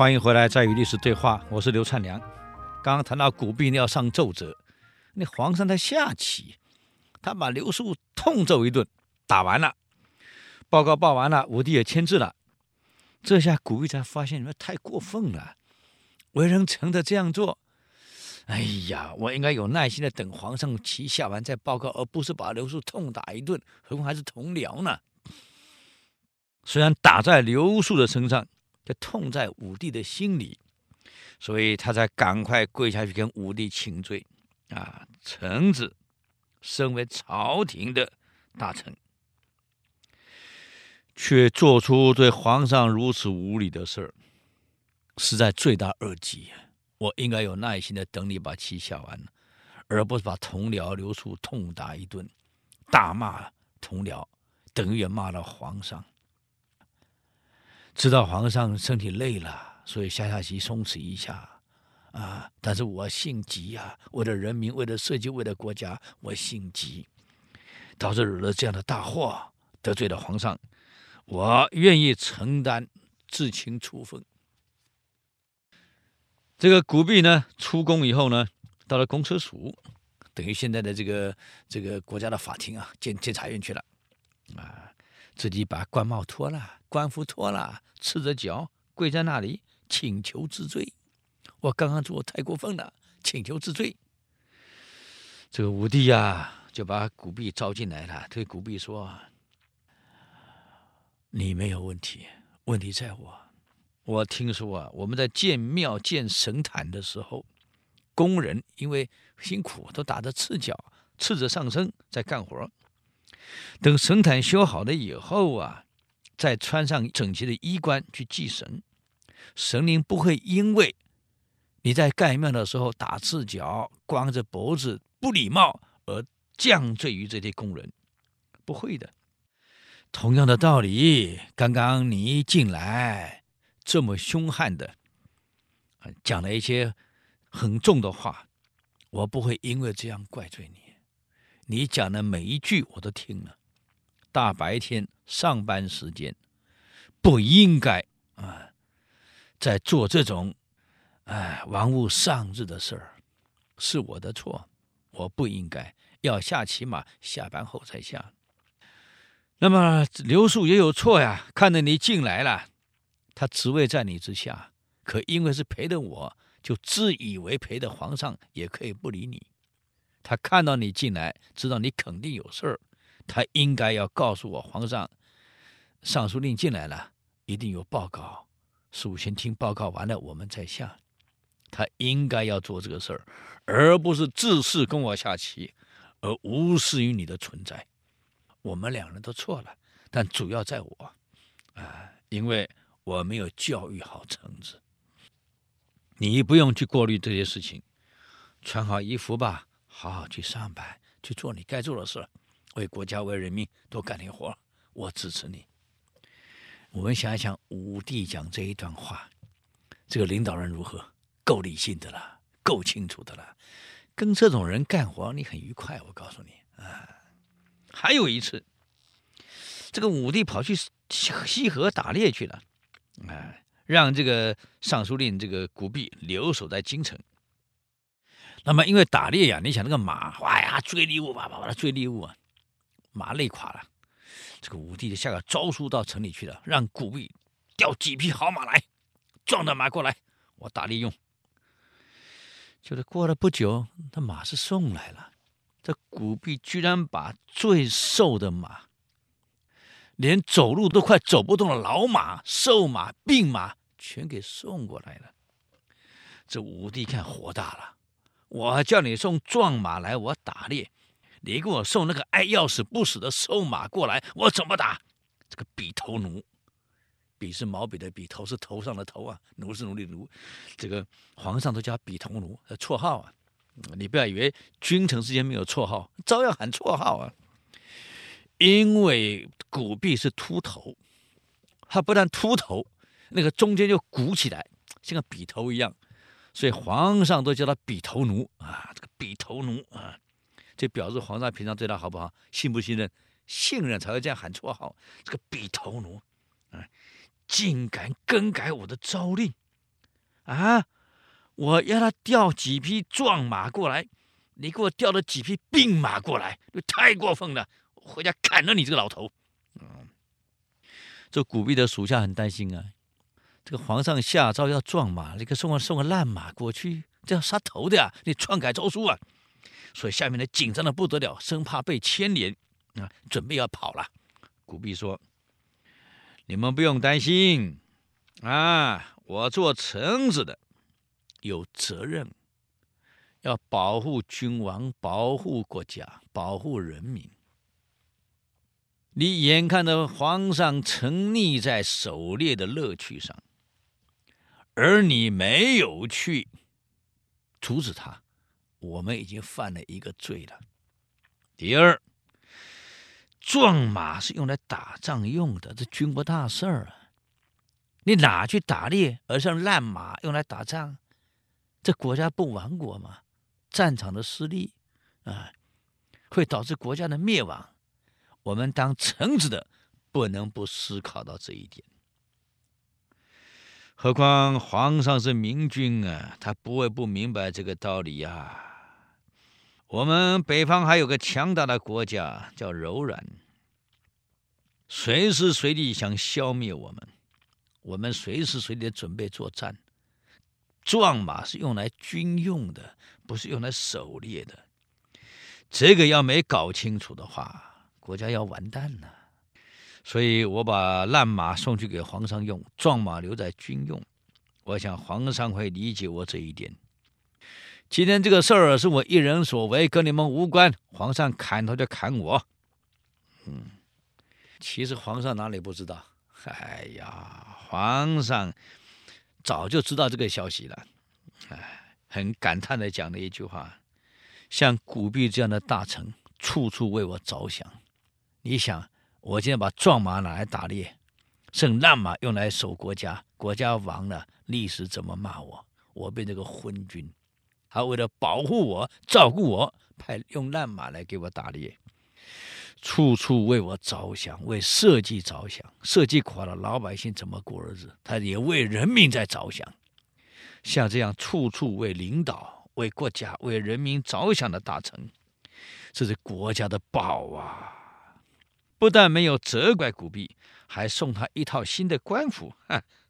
歡迎回來，在與歷史對話，我是劉燦樑。剛剛談到古弼你要上奏折，那皇上在下棋，他把劉樹痛揍一頓，打完了，報告報完了，武帝也簽字了。這下古弼才發現你們太過分了，為人臣的這樣做，哎呀，我應該有耐心的等皇上棋下完再報告，而不是把劉樹痛打一頓，何況還是同僚呢？雖然打在劉樹的身上。這痛在武帝的心裡，所以他才趕快跪下去跟武帝請罪。啊，臣子身為朝廷的大臣，卻做出對皇上如此無禮的事兒，實在罪大惡極。我應該有耐心的等你把棋下完，而不是把同僚留出痛打一頓，大罵同僚，等於也罵了皇上。知道皇上身體累了，所以下下棋鬆弛一下，啊！但是我性急呀、啊，為了人民，為了社稷，為了國家，我性急，導致惹了這樣的大禍，得罪了皇上，我願意承擔自請處分。這個古弼呢，出宮以後呢，到了公車署，等於現在的這個這個國家的法庭啊，監檢察院去了，啊。自己把官帽脫了，官服脫了，赤着腳跪在那裡請求治罪。我剛剛做太過分了，請求治罪。這個武帝呀，就把古弼召進來了，對古弼說：“你沒有問題，問題在我。我聽說啊，我們在建廟建神壇的時候，工人因為辛苦，都打着赤腳，赤着上身在幹活。”等神壇修好了以後啊，再穿上整齊的衣冠去祭神。神靈不會因為你在蓋廟的時候打赤腳、光着脖子不禮貌而降罪於這些工人，不會的。同樣的道理，剛剛你一進來這麼兇悍的講了一些很重的話，我不會因為這樣怪罪你。你講的每一句我都聽了，大白天上班時間不應該啊，在做這種哎玩物喪志的事兒，是我的錯，我不應該要下棋嘛，下班後才下。那麼劉樹也有錯呀，看着你進來了，他職位在你之下，可因為是陪的我，就自以為陪的皇上也可以不理你。他看到你進來，知道你肯定有事兒，他應該要告訴我皇上，尚書令進來了，一定有報告，首先聽報告完了，我們再下。他應該要做這個事兒，而不是自恃跟我下棋，而無視於你的存在。我們兩人都錯了，但主要在我，啊，因為我沒有教育好臣子。你不用去過濾這些事情，穿好衣服吧。好好去上班，去做你該做的事，為國家、為人民多幹點活，我支持你。我們想一想，武帝講這一段話，這個領導人如何，夠理性的了，夠清楚的了。跟這種人幹活，你很愉快。我告訴你啊，還有一次，這個武帝跑去西河打獵去了，啊。讓這個尚書令這個古弼留守在京城。那麼，因為打獵呀、啊，你想那個馬哇呀，追獵物吧吧吧追獵物啊，馬累垮了。這個武帝就下了詔書到城裡去了，讓古弼調幾匹好馬來，壯的馬過來，我打獵用。就是過了不久，那馬是送來了。這古弼居然把最瘦的馬，連走路都快走不動的老馬、瘦馬、病馬，全給送過來了。這武帝看火大了。我叫你送壯馬來我打獵，你給我送那個愛要死不死的瘦馬過來，我怎麼打？這個筆頭奴，筆是毛筆的筆，頭是頭上的頭啊，奴是奴隸奴，這個皇上都叫筆頭奴，綽號啊，你不要以為君臣之間沒有綽號，照樣喊綽號啊。因為古弼是禿頭，它不但禿頭，那個中間就鼓起來，像個筆頭一樣。所以皇上都叫他筆頭奴啊，這個筆頭奴啊，就表示皇上平常對他好不好，信不信任？信任才會這樣喊綽號。這個筆頭奴，啊，竟敢更改我的詔令啊！我要他調幾匹壯馬過來，你給我調了幾匹病馬過來，這太過分了！我回家砍了你這個老頭。嗯，這古弼的屬下很擔心啊。這個皇上下詔要撞馬，你，這個送個送個爛馬過去，這要殺頭的呀，啊！你篡改詔書啊！所以下面的緊張的不得了，生怕被牽連啊，準備要跑了。古弼說：“你們不用擔心啊，我做臣子的有責任，要保護君王，保護國家，保護人民。你眼看着皇上沉溺在狩獵的樂趣上。”而你沒有去阻止他，我們已經犯了一個罪了。第二，壯馬是用來打仗用的，這軍國大事兒啊！你哪去打獵，而像爛馬用來打仗，這國家不亡國嗎？戰場的失利啊，會導致國家的滅亡。我們當臣子的，不能不思考到這一點。何況皇上是明君啊，他不會不明白這個道理呀、啊。我們北方還有個強大的國家叫柔然，隨時隨地想消滅我們，我們隨時隨地準備作戰。壯馬是用來軍用的，不是用來狩獵的。這個要沒搞清楚的話，國家要完蛋了。所以，我把爛馬送去給皇上用，壯馬留在軍用。我想皇上會理解我這一點。今天這個事兒是我一人所為，跟你們無關。皇上砍頭就砍我。嗯，其實皇上哪裡不知道？哎呀，皇上早就知道這個消息了。唉，很感嘆的講了一句話：“像古弼這樣的大臣，處處為我着想。”你想。我今天把壯馬拿來打獵，剩爛馬用來守國家。國家亡了，歷史怎麼罵我？我變那個昏君。他為了保護我、照顧我，派用爛馬來給我打獵，處處為我着想，為社稷着想。社稷垮了，老百姓怎麼過日子？他也為人民在着想。像這樣處處為領導、為國家、為人民着想的大臣，這是國家的寶啊！不但沒有責怪古弼，還送他一套新的官服，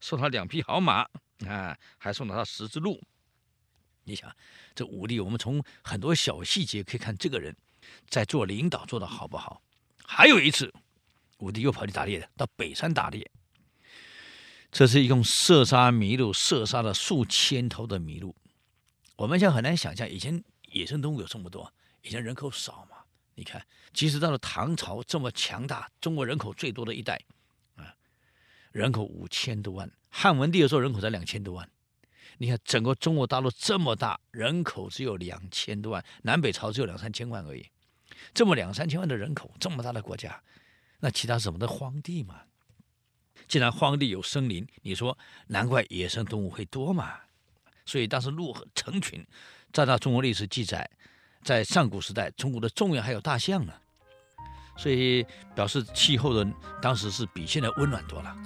送他兩匹好馬，啊，還送了他十只鹿。你想，這武帝，我們從很多小細節可以看這個人，在做領導做得好不好。還有一次，武帝又跑去打獵了，到北山打獵。這是一共射殺麋鹿，射殺了數千頭的麋鹿。我們現在很難想象，以前野生動物有這麼多，以前人口少嘛。你看，即使到了唐朝這麼強大，中國人口最多的一代，啊，人口五千多萬。漢文帝的時候人口才兩千多萬。你看整個中國大陸這麼大，人口只有兩千多萬，南北朝只有兩三千萬而已。這麼兩三千萬的人口，這麼大的國家，那其他什麼的荒地嘛？既然荒地有森林，你說難怪野生動物會多嘛。所以當時鹿成群，照那中國歷史記載。在上古時代，中國的中原還有大象呢，所以表示氣候的當時是比現在溫暖多了啊。